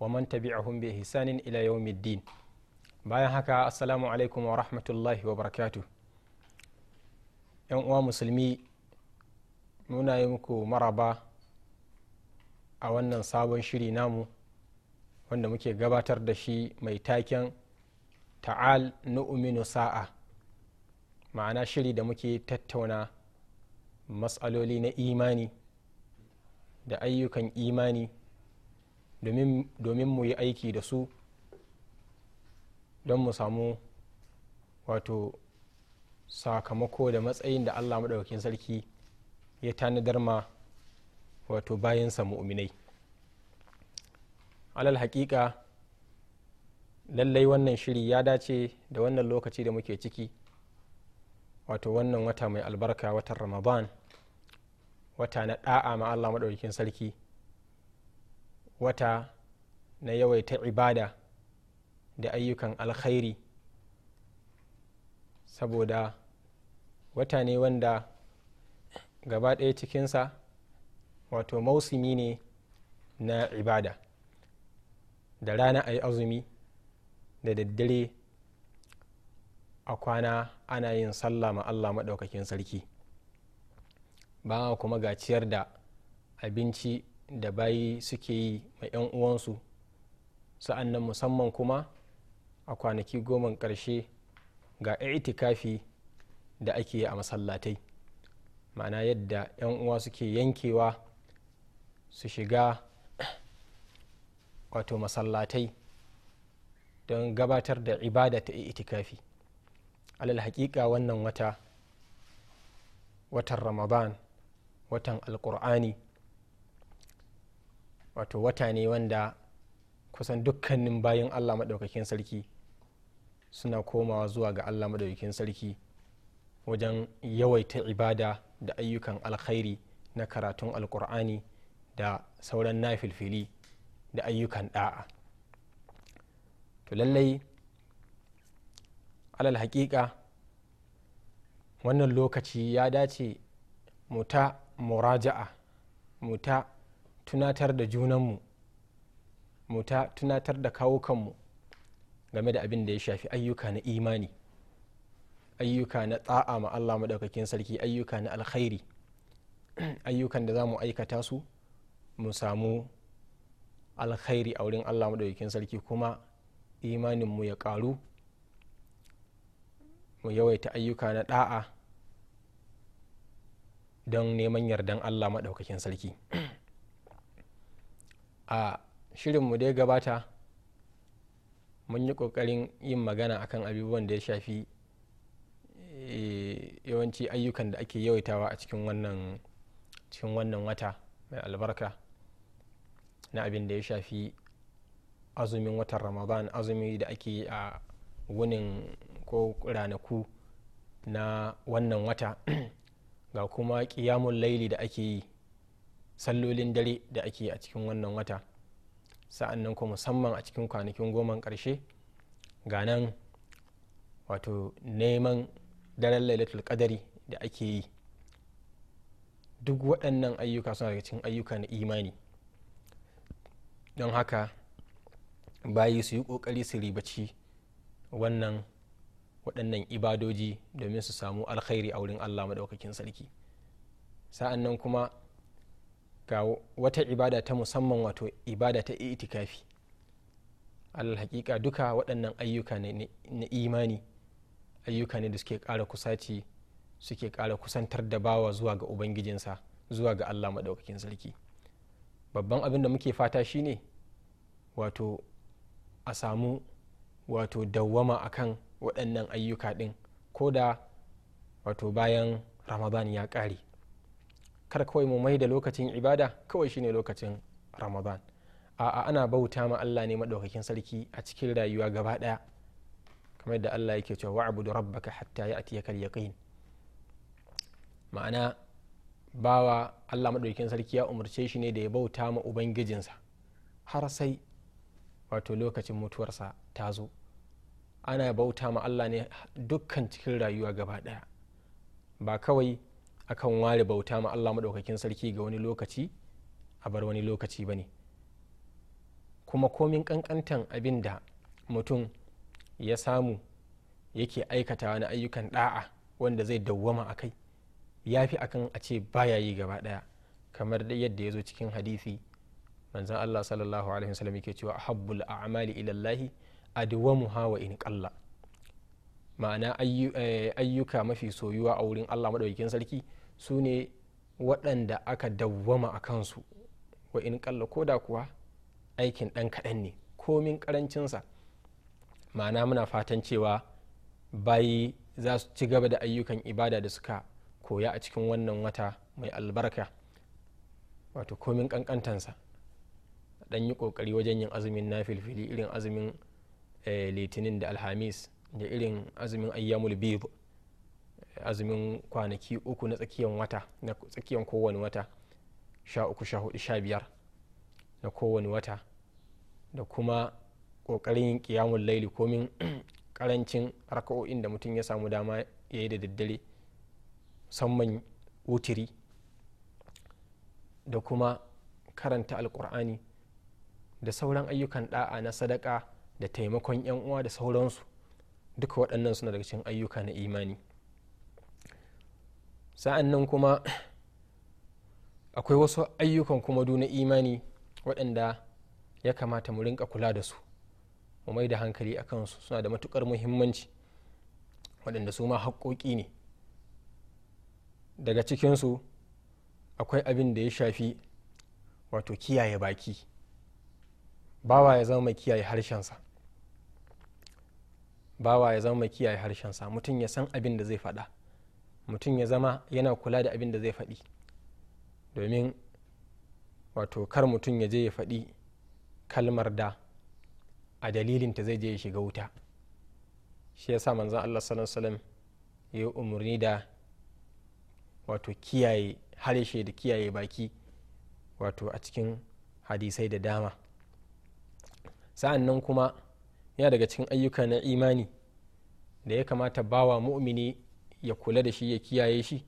wa man tabi'ahum bi ihsanin ila yawmiddin bayan haka assalamu alaikum wa rahmatullahi wa barakatuh yan uwa musulmi muna yi muku maraba a wannan sabon shiri namu wanda muke gabatar da shi mai taken ta'al nu'minu sa'a ma'ana shiri da muke tattauna matsaloli na imani da ayyukan imani domin mu yi aiki da su don mu samu wato sakamako da matsayin da allah maɗaukakin sarki ya tani darma wato bayansa uminai alal haƙiƙa lallai wannan shiri ya dace da wannan lokaci da muke ciki wato wannan wata mai albarka watan ramadan wata na ɗa'a ma allah maɗaukakin sarki wata na yawaita ibada da ayyukan alkhairi saboda wata ne wanda gaba ɗaya cikinsa wato mausumi ne na ibada da rana a yi azumi da daddare a kwana ana yin sallah ma allah maɗaukakin sarki ba kuma gaciyar da abinci da bayi suke yi ma 'yan uwansu sa'an nan musamman kuma a kwanaki goman ƙarshe ga itikafi da ake a masallatai ma'ana yadda 'yan uwa suke yankewa su shiga wato masallatai don gabatar da ibada ta itikafi alal haƙiƙa wannan wata watan ramadan watan alƙur'ani wato wata ne wanda kusan dukkanin bayan allah maɗaukakin sarki suna komawa zuwa ga allah maɗaukakin sarki wajen yawaita ibada da ayyukan alkhairi na karatun alkur'ani da sauran nafilfili da ayyukan ɗa'a to lallai alal haƙiƙa wannan lokaci ya dace mu ta muraja'a mu tunatar da junanmu mu ta tunatar da kawo kanmu game da abin da ya shafi ayyuka na imani ayyuka na tsa'a ma Allah maɗaukakin sarki ayyuka na alkhairi ayyukan da za mu aikata su mu samu alkhairi a wurin Allah maɗaukakin sarki kuma imaninmu ya ƙaru mu yawaita ayyuka na ɗa'a don neman yardan Allah maɗaukakin sarki a shirinmu da ya gabata mun yi ƙoƙarin yin magana akan abubuwan da ya shafi eh, yawanci ayyukan da ake yawaitawa a cikin wannan cikin wannan wata mai albarka na abin da ya shafi azumin watan ramadan azumi da ake yi a wunin ko ranaku na wannan wata ga kuma ƙiyamun laili da ake yi sallolin dare da ake a cikin wannan wata sa'an nan ko musamman a cikin kwanakin goman ƙarshe ga nan wato neman daren lailatul kadari da ake yi duk waɗannan ayyuka suna daga cikin ayyuka na imani don haka bayi su yi ƙoƙari su ribaci wannan waɗannan ibadoji domin su samu alkhairi a wurin allah maɗaukakin sarki sa'an nan kuma ga wata ibada ta musamman wato ibada ta itikafi alal hakika duka waɗannan ayyuka ne na imani ayyuka ne da suke ƙara kusaci suke ƙara kusantar da bawa zuwa ga ubangijinsa zuwa ga allah maɗaukakin sarki babban abin da muke fata shine wato a samu wato dawwama akan waɗannan ayyuka ɗin ko da wato bayan ramadan ya ƙare kar kawai mu mai da lokacin ibada kawai shine lokacin ramadan a'a ana bauta ma Allah ne madaukakin sarki a cikin rayuwa gaba daya kamar da Allah yake cewa wa'budu rabbaka hatta ya'tiyaka al-yaqin ma'ana bawa Allah madaukakin sarki ya umarce shi ne da ya bauta ma ubangijinsa har sai wato lokacin mutuwarsa ta zo ana bauta ma Allah ne dukkan cikin rayuwa gaba daya ba kawai akan ware bauta ma allah maɗaukakin sarki ga wani lokaci a bar wani lokaci ba ne kuma komin kankantan abin da mutum ya samu yake aikata wani ayyukan ɗa'a wanda zai dawwama a kai ya fi a kan a ce baya yi gaba ɗaya kamar yadda ya zo cikin hadisi manzan allah sallallahu alaihi wasallam yake cewa habbul a'mali ilallahi adwamuha hawa in qalla ma'ana eh, ayyuka mafi soyuwa a wurin allah madaukakin sarki su ne waɗanda aka dawwama a kansu wa in kalla ko da kuwa aikin ɗan kaɗan ne komin ƙarancinsa ma'ana muna fatan cewa bayi za su ci gaba da ayyukan ibada da suka koya a cikin wannan wata mai albarka wato komin ƙanƙantansa ɗan yi ƙoƙari wajen yin azumin na filfili irin azumin eh, litinin da alhamis da irin azumin ayyamul biyu azumin kwanaki uku na tsakiyan wata na tsakiyan kowane wata sha uku sha hudu sha biyar na kowane wata da kuma kokarin yin kiyamun laili komin karancin raka'o'in da mutum ya samu dama ya yi da daddare musamman wutiri da kuma karanta alkur'ani da sauran ayyukan da'a na sadaka da taimakon 'yan uwa da sauransu duka waɗannan suna daga cikin ayyuka na imani sa'an nan kuma akwai wasu ayyukan kuma na imani waɗanda ya kamata mu rinka kula da su mu mai da hankali a kansu suna da matukar muhimmanci waɗanda su ma haƙoƙi ne daga cikinsu akwai abin da ya shafi wato kiyaye baki bawa ya zama kiyaye harshensa bawa ya zama kiyaye harshensa mutum ya san abin da zai faɗa mutum ya zama yana kula da abin da zai faɗi domin wato kar mutum ya je ya faɗi kalmar da a dalilinta zai je ya shiga wuta shi ya sa manzan allah sallallahu ya yi umarni da wato kiyaye harshe da kiyaye baki wato a cikin hadisai da dama sa'an nan kuma ya daga cikin ayyuka na imani da ya kamata bawa mu'mini ya kula da shi ya kiyaye shi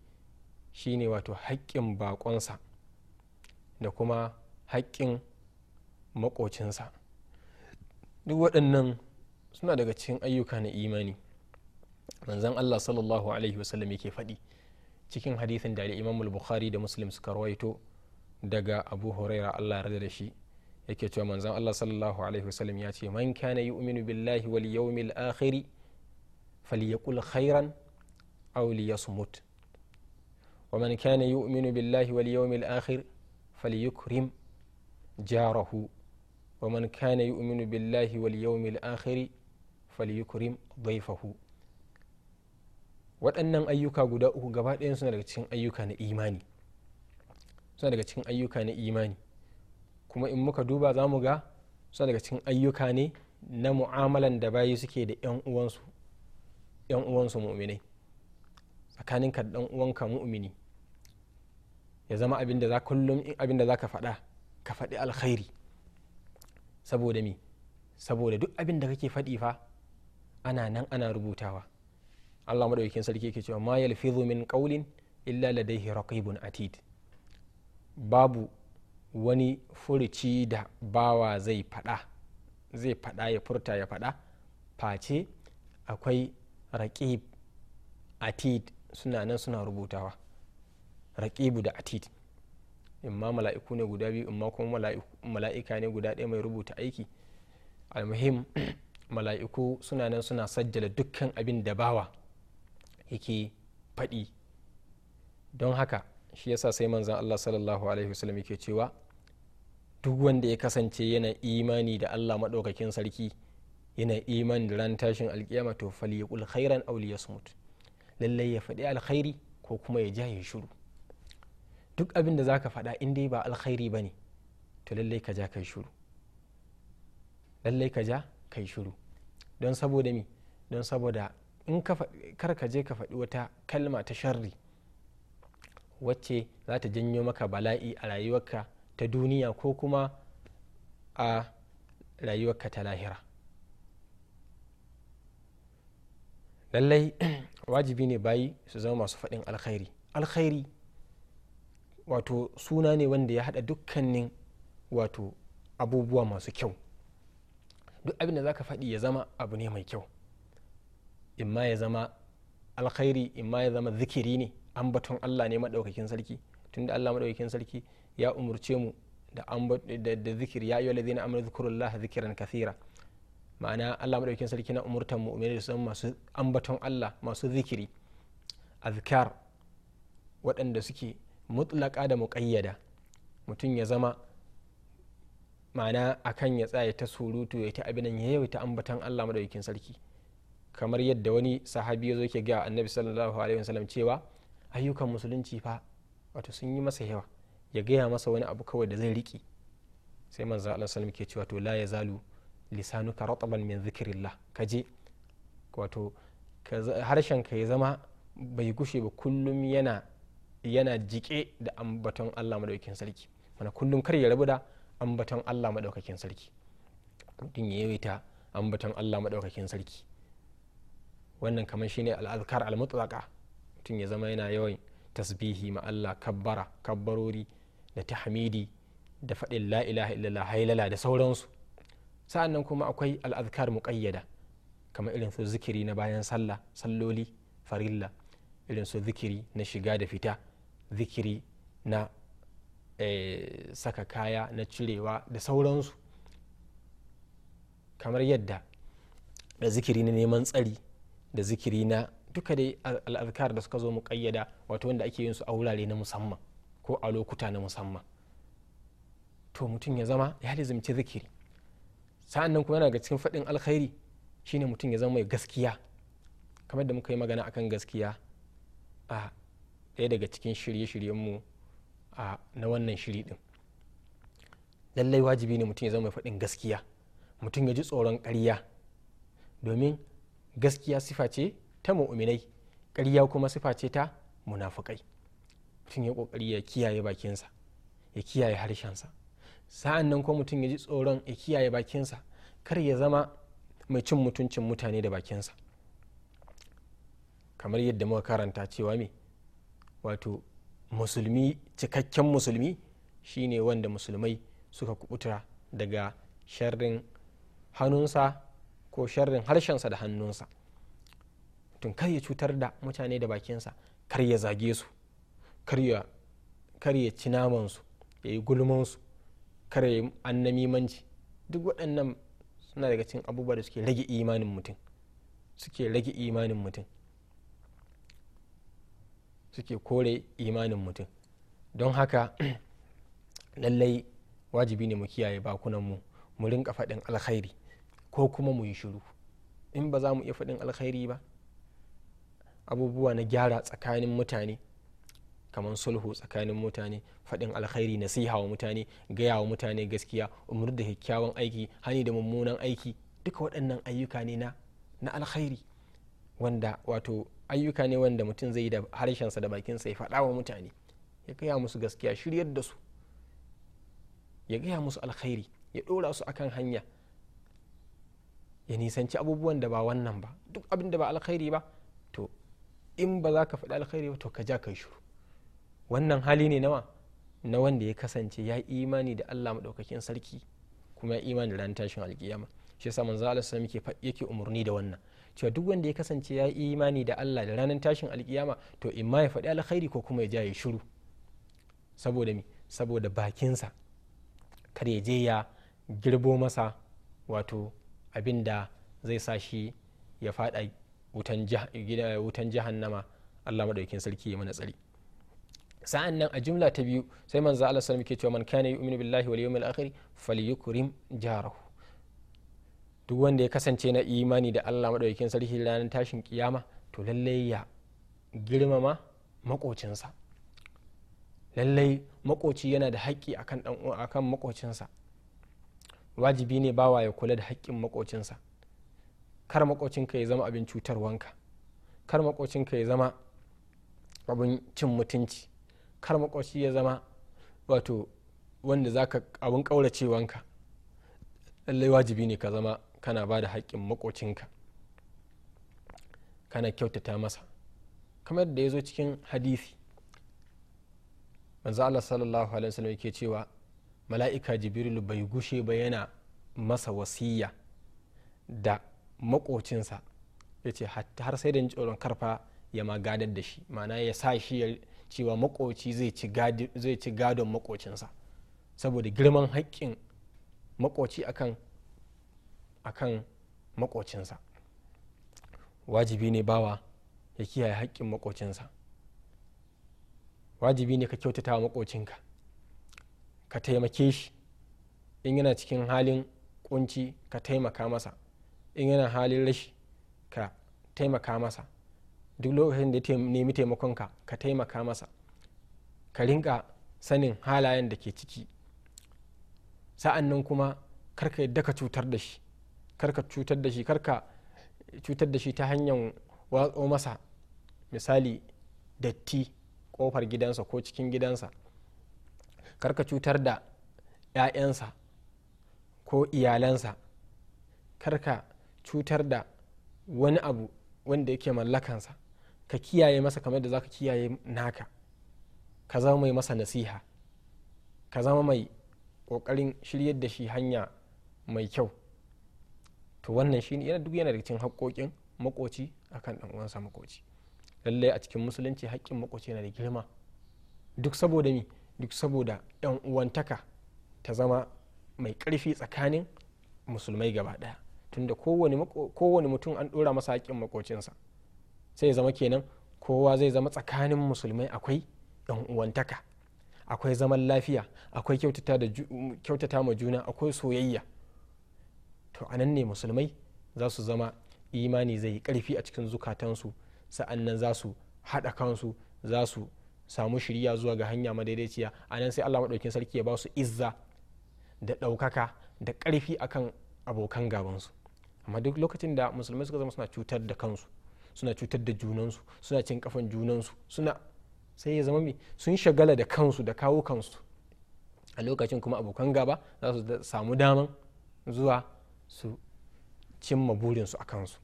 shine wato haƙƙin baƙonsa da kuma haƙƙin maƙocinsa duk waɗannan suna daga cikin ayyuka na imani manzan allah sallallahu alaihi wasallam yake faɗi cikin hadithin da imam bukhari da muslim suka rawaito daga abu huraira allah yarda da shi yake cewa manzan allah sallallahu alaihi wasallam ya ce man kana yu'minu billahi wal yawmil akhiri falyaqul khairan أو ليصمت ومن كان يؤمن بالله واليوم الآخر فليكرم جاره ومن كان يؤمن بالله واليوم الآخر فليكرم ضيفه waɗannan ayyuka guda uku gaba ɗayan suna daga cikin ayyuka na imani suna daga cikin ayyuka na imani kuma in muka duba za mu ga suna daga cikin ayyuka ne na mu'amalan da bayi suke da 'yan uwansu 'yan uwansu mu'minai tsakaninka da dan uwanka mu'mini ya zama abin da za kullum abin da za ka faɗa ka faɗi alkhairi saboda me saboda duk abin da kake faɗi fa ana nan ana rubutawa Allah madaukakin sarki yake cewa ma yalfizu min qawlin illa ladayhi raqibun atid babu wani furuci da bawa zai faɗa zai faɗa ya furta ya faɗa face akwai raqib atid suna nan suna rubutawa raƙibu da atid ma mala'iku ne guda biyu imma kuma mala'ika ne guda ɗaya mai rubuta aiki almuhim mala'iku suna nan suna sajjala dukkan abin da bawa yake faɗi don haka shi yasa sai manzan allah sallallahu alaihi wasallam yake cewa duk wanda ya kasance yana imani da allah maɗaukakin sarki yana imani da ran tashin alkiyama to fali yaqul khairan aw liyasmut lallai ya faɗi alkhairi ko kuma ya ja ya shuru duk abin da za ka faɗa in dai ba alkhairi ba ne to lallai ka ja kai shuru lallai ka ja kai shuru don saboda mi don saboda in kar ka je ka faɗi wata kalma ta sharri wacce za ta janyo maka bala'i a rayuwarka ta duniya ko kuma a rayuwarka ta lahira lallai wajibi ne bayi su zama masu faɗin alkhairi alkhairi wato suna ne wanda ya haɗa dukkanin wato abubuwa masu kyau duk abin da za ka faɗi ya zama abu ne mai kyau imma ya zama alkhairi imma ya zama zikiri ne ambaton allah ne maɗaukakin sarki tunda allah maɗaukakin sarki ya umurce mu da zikiri ya yi wa lazina amur zikurullah zikiran kathira ma'ana Allah madaukakin sarki na umurtan mu'minai da su masu ambaton Allah masu zikiri azkar waɗanda suke mutlaka da muƙayyada mutum ya zama ma'ana akan ya tsaya ta surutu ya ta abinan ya yawaita ambaton Allah madaukakin sarki kamar yadda wani sahabi ya zo ke ga annabi sallallahu alaihi wasallam cewa ayyukan musulunci fa wato sun yi masa yawa ya gaya masa wani abu kawai da zai riƙe sai manzo Allah sallallahu alaihi ke cewa to la ya zalu lisanuka rataban min zikirillah kaje wato harshen ka ya zama bai gushe ba kullum yana yana jike da ambaton Allah madaukakin sarki mana kullum kar ya rabu da ambaton Allah maɗaukakin sarki din ya yawaita ambaton Allah maɗaukakin sarki wannan kamar shine al'azkar al-mutlaqa ya zama yana yawan tasbihi ma Allah kabbara kabbarori da tahmidi da faɗin la ilaha illallah hailala da sauransu sa'an nan kuma akwai al'adkar muƙayyada kamar irin su zikiri na bayan sallah salloli farilla irin su zikiri na shiga da fita zikiri na eh, saka kaya na cirewa da sauransu kamar yadda da zikiri na neman tsari da zikiri na duka da al'adkar da suka zo mu kayyada wato wanda ake yin su a wurare na musamman ko a lokuta na musamman to mutum ya zama ya lizimci zikiri sa'an nan kuma yana ga cikin faɗin alkhairi shine mutum ya zama mai gaskiya kamar da muka yi magana akan gaskiya a ɗaya daga cikin shirye-shiryenmu na wannan shiri ɗin lallai wajibi ne mutum ya zama mai faɗin gaskiya mutum ya ji tsoron ƙarya domin gaskiya sifa ce ta mu'uminai ƙarya kuma sifa ce ta munafukai mutum ya ƙoƙari ya kiyaye bakinsa ya kiyaye harshensa sa'an nan ko mutum ya ji tsoron ya kiyaye bakinsa kar ya zama mai cin mutuncin mutane da bakinsa kamar yadda muka karanta cewa me wato musulmi cikakken musulmi shine wanda musulmai suka kubuta daga sharrin hannunsa ko sharrin harshensa da hannunsa tun kar ya cutar da mutane da bakinsa kar ya zage su kar ya ci namansu ya yi gulmansu kare annami annamimanci duk waɗannan suna daga cikin abubuwa da suke rage imanin mutum suke rage imanin mutum suke kore imanin mutum don haka lallai wajibi ne mu kiyaye bakunanmu mu rinka faɗin alkhairi ko kuma mu yi shiru in ba za mu iya faɗin alkhairi ba abubuwa na gyara tsakanin mutane kamar sulhu tsakanin mutane faɗin alkhairi nasiha wa mutane gaya wa mutane gaskiya umar da kyakkyawan aiki hani da mummunan aiki duka waɗannan ayyuka ne na alkhairi wanda wato ayyuka ne wanda mutum zai yi da harshensa da bakinsa ya faɗa wa mutane ya gaya musu gaskiya shiryar da su ya gaya musu alkhairi ya ɗora su akan hanya ya nisanci abubuwan da ba wannan ba duk abin da ba alkhairi ba to in ba za ka faɗi alkhairi ba to ka ja kai shiru wannan hali ne nawa na wanda ya kasance ya imani da Allah maɗaukakin sarki kuma ya imani da ranar tashin alkiyama shi yasa manzo Allah sallallahu yake umarni da wannan cewa duk wanda ya kasance ya imani da Allah da ranar tashin alkiyama to in ma ya faɗi alkhairi ko kuma ya ja ya shiru saboda mi saboda bakinsa kar ya je ya girbo masa wato abin da zai sa shi ya faɗa wutan jahannama Allah maɗaukin sarki ya mana tsari sa'an nan a jumla ta biyu sai manzo Allah sallam ke cewa man kana yu'minu billahi wal yawmil akhir falyukrim jarahu duk wanda ya kasance na imani da Allah madaukakin sarki ranar tashin kiyama to lallai ya girmama makocinsa lallai makoci yana da haƙƙi akan dan akan makocinsa wajibi ne bawa ya kula da haƙƙin makocinsa kar makocinka ya zama abin cutarwanka kar makocinka ya zama abin cin mutunci kar makwabci ya zama wato wanda za ka abin ƙauracewanka lallai wajibi ne ka zama kana ba da haƙƙin makocinka kana kyautata masa kamar da ya zo cikin hadisi manzo Allah sallallahu alaihi wasallam yake cewa mala'ika Jibril bai gushe ba yana masa wasiya da makocinsa ya ce har sai da tsoron karfa ya ma gadar da shi ma'ana ya sa shi cewa makoci zai ci gadon makocinsa saboda girman haƙƙin makoci akan makocinsa wajibi ne bawa ya kiyaye haƙƙin makocinsa wajibi ne ka kyautata wa makocinka ka taimake shi in yana cikin halin kunci ka taimaka masa in yana halin rashi ka taimaka masa duk lokacin da ya nemi taimakonka ka taimaka masa ka rinka sanin halayen da ke ciki sa'an nan kuma karka yadda ka cutar da shi karka cutar da shi karka cutar da shi ta hanyar watso masa misali datti kofar gidansa ko cikin gidansa karka cutar da 'ya'yansa ko iyalansa karka cutar da wani abu wanda yake mallakansa ka kiyaye masa kamar da za ka kiyaye naka ka zama mai masa nasiha ka zama mai ƙoƙarin shiryar da shi hanya mai kyau to wannan shi yana duk yana daga cikin haƙoƙin makoci akan ɗan uwansa makoci lallai a cikin musulunci haƙƙin makoci yana da girma duk saboda mi duk saboda yan uwantaka ta zama mai ƙarfi tsakanin musulmai gaba ɗaya tunda kowane mutum an ɗora masa haƙƙin makocinsa sai zama kenan kowa zai zama tsakanin musulmai akwai yan uwantaka akwai zaman lafiya akwai kyautata ma juna akwai soyayya to anan ne musulmai za su zama imani zai yi karfi a cikin zukatansu sa'annan za su haɗa kansu za su samu shirya zuwa ga hanya madaidaiciya a nan sai allah maɗaukin sarki ya ba su izza da ɗaukaka da ƙarfi akan abokan gabansu amma duk lokacin da musulmai suka zama suna cutar da kansu suna cutar da junansu suna cin kafan junansu suna sai ya zama sun shagala da kansu da kawo kansu a lokacin kuma abokan gaba za su samu daman zuwa su cimma burinsu a kansu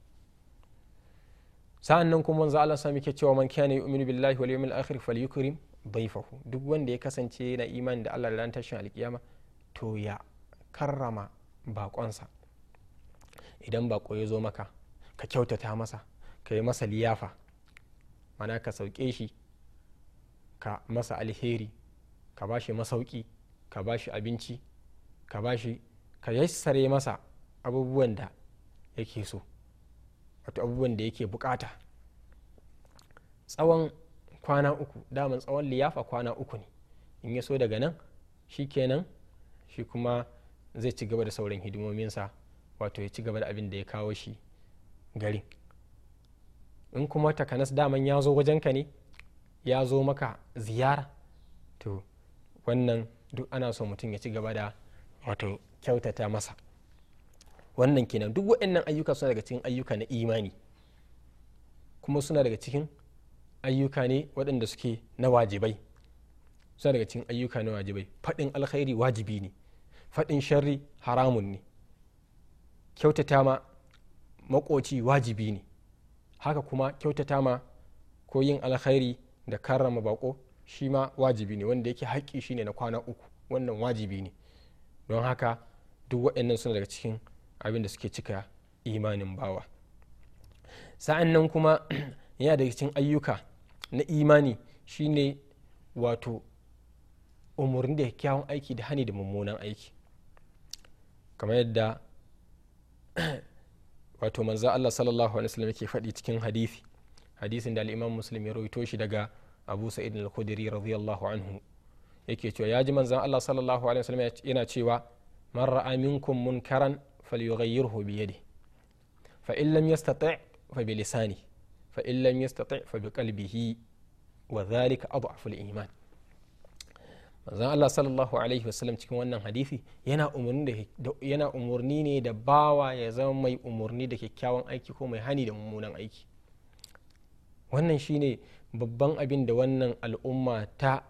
sa'an nan kuma za'ala sami ke cewa man kana yu'minu billahi wal yawmil akhir bai dayfahu duk wanda ya kasance yana imani da Allah da ran tashin alkiyama to ya karrama bakonsa idan bako ya zo maka ka kyautata masa ka yi masa liyafa mana ka sauke shi ka masa alheri ka ba shi masauki ka ba shi abinci ka ba shi ka yassare masa abubuwan da yake so wato abubuwan da yake bukata tsawon kwana uku daman tsawon liyafa kwana uku ne in ya so daga nan shi kenan shi kuma zai ci gaba da sauran hidimominsa wato ya ci gaba da abin da ya kawo shi garin in kuma takanas daman ya zo wajenka ne ya zo maka ziyara to wannan duk ana so mutum ya ci gaba da wato kyautata masa wannan kenan duk waɗannan ayyuka suna daga cikin ayyuka na imani kuma suna daga cikin ayyuka ne waɗanda suke na wajibai suna daga cikin ayyuka na wajibai faɗin alkhairi wajibi ne faɗin sharri haramun ne kyautata ma makoci wajibi ne haka kuma kyautata ma ko yin alkhairi da karrama bako shi ma wajibi ne wanda yake haƙƙi shi ne na kwana uku wannan wajibi ne don haka duk waɗannan suna daga cikin abin da suke cika imanin bawa sa'an nan kuma yana daga cikin ayyuka na imani shine wato umarni da kyawun aiki da hani da mummunan aiki kamar yadda wato manzo Allah sallallahu alaihi wasallam yake faɗi cikin hadisi hadisin da al-Imam Muslim ya rawaito shi daga Abu Sa'id al-Khudri radiyallahu anhu yake cewa ya ji manzon Allah sallallahu alaihi wasallam yana cewa man ra'a minkum munkaran falyughayyirhu bi yadihi fa in lam yastati' fa bi lisani fa in lam yastati' fa bi qalbihi wa dhalika adhafu al-iman manzon Allah sallallahu alaihi wasallam cikin wannan hadisi yana umurni da yana umurni ne da bawa ya zama mai umurni da kyakkyawan aiki ko mai hani da mummunan aiki wannan shine babban abin da wannan al'umma ta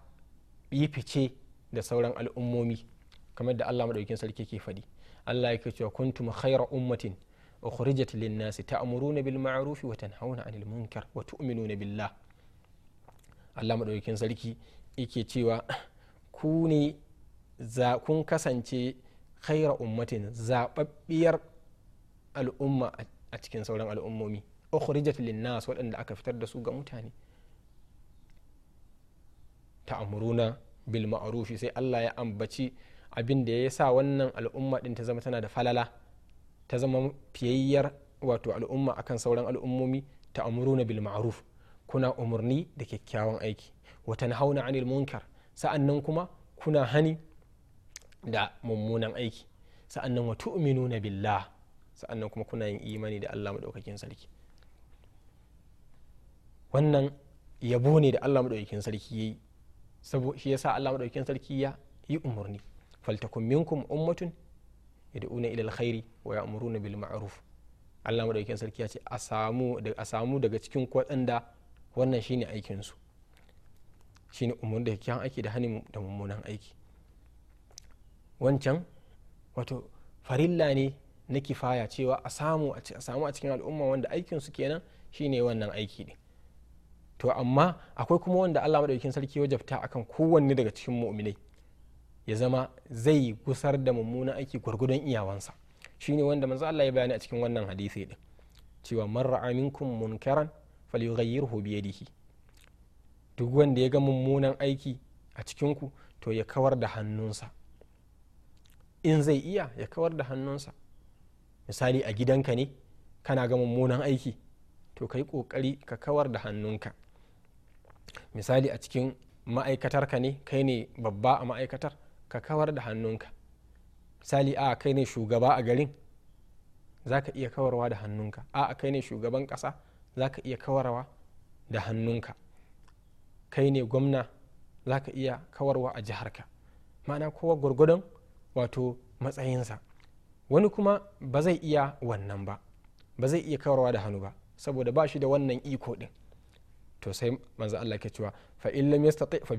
yi fice da sauran al'ummomi kamar da Allah madaukin sarki ke faɗi Allah yake cewa kuntum khayra ummatin ukhrijat lin ta ta'muruna bil ma'ruf wa tanhauna 'anil munkar wa tu'minuna billah Allah madaukin sarki yake cewa ku ne kun kasance khaira ummatin zababbiyar al'umma a cikin sauran al'ummomi ukhrijat linnas waɗanda aka fitar da su ga mutane ta'amuruna bil ma'rufi sai Allah ya ambaci abin da ya sa wannan al'umma din ta zama tana da falala ta zama fiyayyar wato al'umma akan sauran al'ummomi ta'amuruna bil ma'ruf kuna umurni da kyakkyawan aiki wa tanhauna 'anil munkar sa'an nan kuma kuna hani da mummunan aiki sa'an nan uminu na billah sa'an nan kuma kuna yin imani da Allah maɗaukakin sarki wannan yabo ne da Allah maɗaukakin sarki ya yi shi ya sa Allah maɗaukakin sarki ya yi umarni faltakun minkum ummatun yad'una ila alkhairi wa ya'muruna bil ma'ruf Allah maɗaukakin sarki ya ce a samu daga cikin kwaɗanda wannan shine aikin su shine umarni da kyakkyawan aiki da hani da mummunan aiki wancan wato farilla ne na kifaya cewa a samu a samu cikin al'umma wanda aikin su kenan shine wannan aiki ne to amma akwai kuma wanda Allah madaukakin sarki wajabta akan kowanne daga cikin mu'minai ya zama zai gusar da mummunan aiki gwargwadon iyawansa shi ne wanda manzo Allah ya bayani a cikin wannan hadisi din cewa man ra'a minkum munkaran falyughayyirhu bi yadihi duk wanda ya ga mummunan aiki a cikinku to ya kawar da hannunsa in zai iya ya kawar da hannunsa misali a gidanka ne kana ga mummunan aiki to ka yi ƙoƙari ka kawar da hannunka misali a cikin ma'aikatarka ne kai ne babba a ma'aikatar ka kawar da hannunka misali a kai ne shugaba a garin za ka iya kawarwa da hannunka a kai ne shugaban ƙasa za ka iya kawarwa da hannunka kai ne gwamna za ka iya kawarwa a jihar ka ma'ana kowa gwargwadon wato matsayinsa wani kuma ba zai iya wannan ba ba zai iya kawarwa da hannu ba saboda ba shi da wannan iko din to sai manzo Allah ke cewa fa illam yastati fa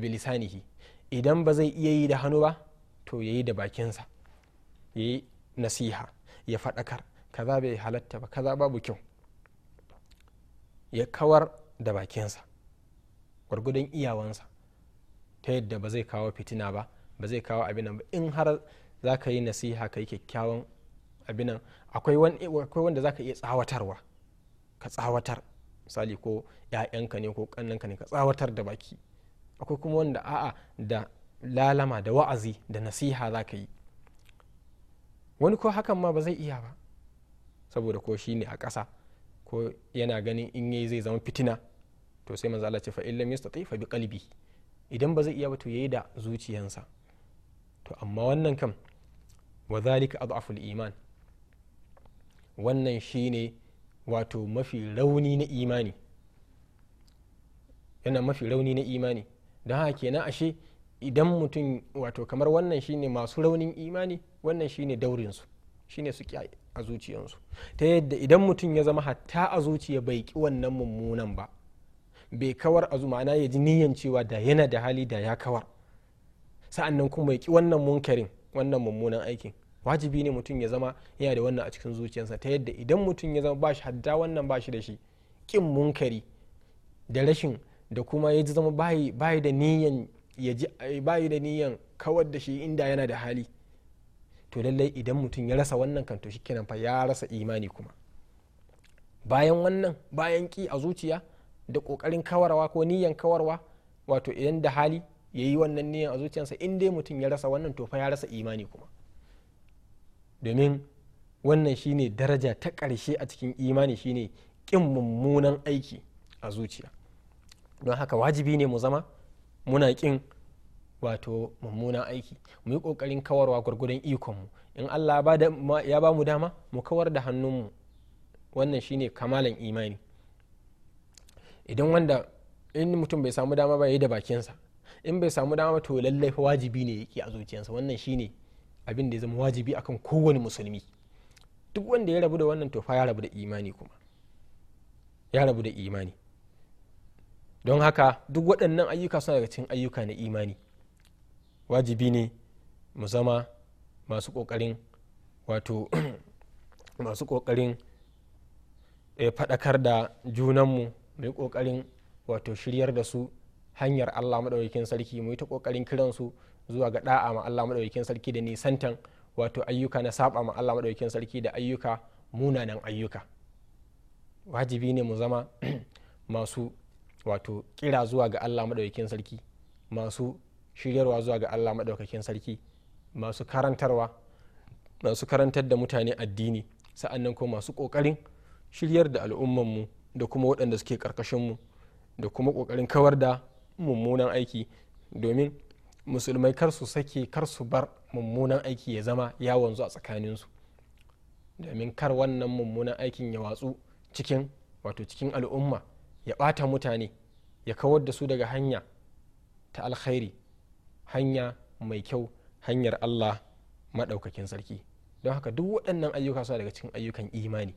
bilisanihi idan ba zai iya yi da hannu ba to yayi da bakinsa yayi nasiha ya faɗakar kaza bai halatta ba kaza babu kyau ya kawar da bakinsa gwargwadon iyawansa ta yadda ba zai kawo fitina ba ba zai kawo abinan ba in har za ka yi nasiha ka yi kyakkyawan abinan akwai wanda za ka iya tsawatarwa ka tsawatar misali ko 'ya'yanka ne ko kannanka ne ka tsawatar da baki akwai kuma wanda a'a da lalama da wa'azi da nasiha za ka yi wani ko hakan ma ba zai iya ba saboda ko shi ne a ƙasa ko yana ganin in yi zai zama fitina to sai manzo Allah ce fa illam yastati fa bi qalbi idan ba zai iya ba to yayi da zuciyansa to amma wannan kam wa zalika adhafu iman wannan shine wato mafi rauni na imani yana mafi rauni na imani don haka kenan ashe idan mutum wato kamar wannan shine masu raunin imani wannan shine daurinsu shine su a zuciyansu ta yadda idan mutum ya zama hatta a zuciya bai ki wannan mummunan ba bai kawar a ma'ana ya ji niyan cewa da yana da hali da ya kawar sa'annan kuma ya ki wannan munkarin wannan mummunan aikin wajibi ne mutum ya zama yana da wannan a cikin zuciyarsa ta yadda idan mutum ya zama bashi hadda wannan bashi da shi kin munkari da rashin da kuma ya ji zama bayi da niyan ya ji bayi da niyan kawar da shi inda yana da hali to lallai idan mutum ya rasa wannan kan to shikenan fa ya rasa imani kuma bayan wannan bayan ƙi a zuciya da kokarin kawarwa ko niyan kawarwa wato idan da hali ya yi wannan niyan a zuciyarsa in dai mutum ya rasa wannan to fa ya rasa imani kuma domin wannan shine daraja ta ƙarshe a cikin imani shine ƙin mummunan aiki a zuciya don haka wajibi ne mu zama muna ƙin wato mummunan aiki mu yi ƙoƙarin kawarwa gwargwadon ikonmu in allah ya ba mu dama mu kawar da hannunmu wannan shine kamalan imani idan wanda in mutum bai samu dama ba yayi da bakinsa in bai samu dama to lallai fa wajibi ne yake a zuciyarsa wannan shine abin da ya zama wajibi akan kowane musulmi duk wanda ya rabu da wannan to fa ya rabu da imani kuma ya rabu da imani don haka duk waɗannan ayyuka suna daga cikin ayyuka na imani wajibi ne mu zama masu ƙoƙarin wato masu ƙoƙarin eh, faɗakar da junanmu mu yi kokarin wato shiryar da su hanyar Allah maɗaukakin sarki mu yi ta kokarin kiran su zuwa ga da'a ma Allah maɗaukakin sarki da nisantan wato ayyuka na saba ma Allah maɗaukakin sarki da ayyuka munanan ayyuka wajibi ne mu zama masu wato kira zuwa ga Allah maɗaukakin sarki masu shiryarwa zuwa ga Allah maɗaukakin sarki masu karantarwa masu karantar da mutane addini sa'annan ko masu kokarin shiryar da al'ummanmu da kuma waɗanda suke ƙarƙashinmu da kuma ƙoƙarin kawar da mummunan aiki domin musulmai kar su sake kar su bar mummunan aiki ya zama ya wanzu a tsakaninsu domin kar wannan mummunan aikin ya watsu cikin wato cikin al'umma ya ɓata mutane ya kawar da su daga hanya ta alkhairi hanya mai kyau hanyar allah maɗaukakin sarki don haka duk waɗannan ayyuka suna daga cikin ayyukan imani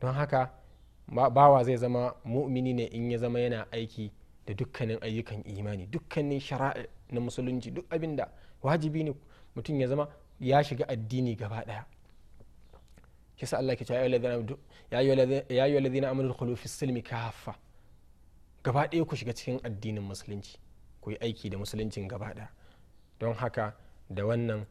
don haka bawa zai zama mu'mini ne in ya zama yana aiki da dukkanin ayyukan imani dukkanin shara'a na musulunci duk abin da wajibi ne mutum ya zama ya shiga addini gaba daya shi Allah ke cewa ya yi walazina amanu da fi silmi kafa gaba daya ku shiga cikin addinin musulunci ku yi aiki da musuluncin gaba daya don haka da wannan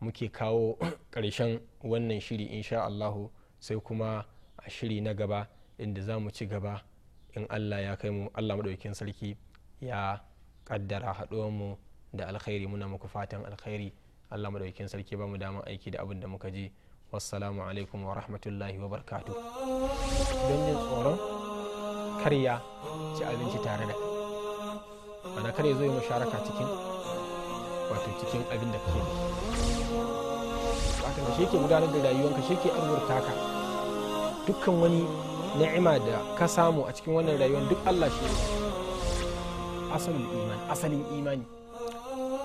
muke kawo karshen wannan shiri insha Allahu sai kuma a shiri na gaba inda za mu ci gaba in allah ya kai mu allah maɗaukin sarki ya ƙaddara haɗuwanmu da alkhairi muna muku fatan alkhairi allah maɗaukin sarki ba mu damar aiki da abin da muka ji wassalamu alaikum wa rahmatullahi wa barkatu don jin tsoron karya ci abinci tare da ana karya zo yi musharaka cikin wato cikin abin da kake da shi ke gudanar da rayuwanka shi ke arzurta ka dukkan wani ni'ima da ka samu a cikin wannan rayuwar duk Allah shi ne asalin imani asalin imani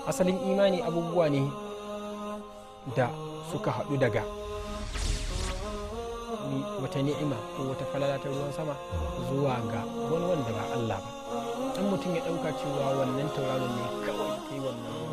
asalin imani abubuwa ne da suka haɗu daga wata ni'ima ko wata falala ta ruwan sama zuwa ga wani wanda ba Allah ba dan mutum ya ɗauka cewa wannan tauraron ne kawai kai wannan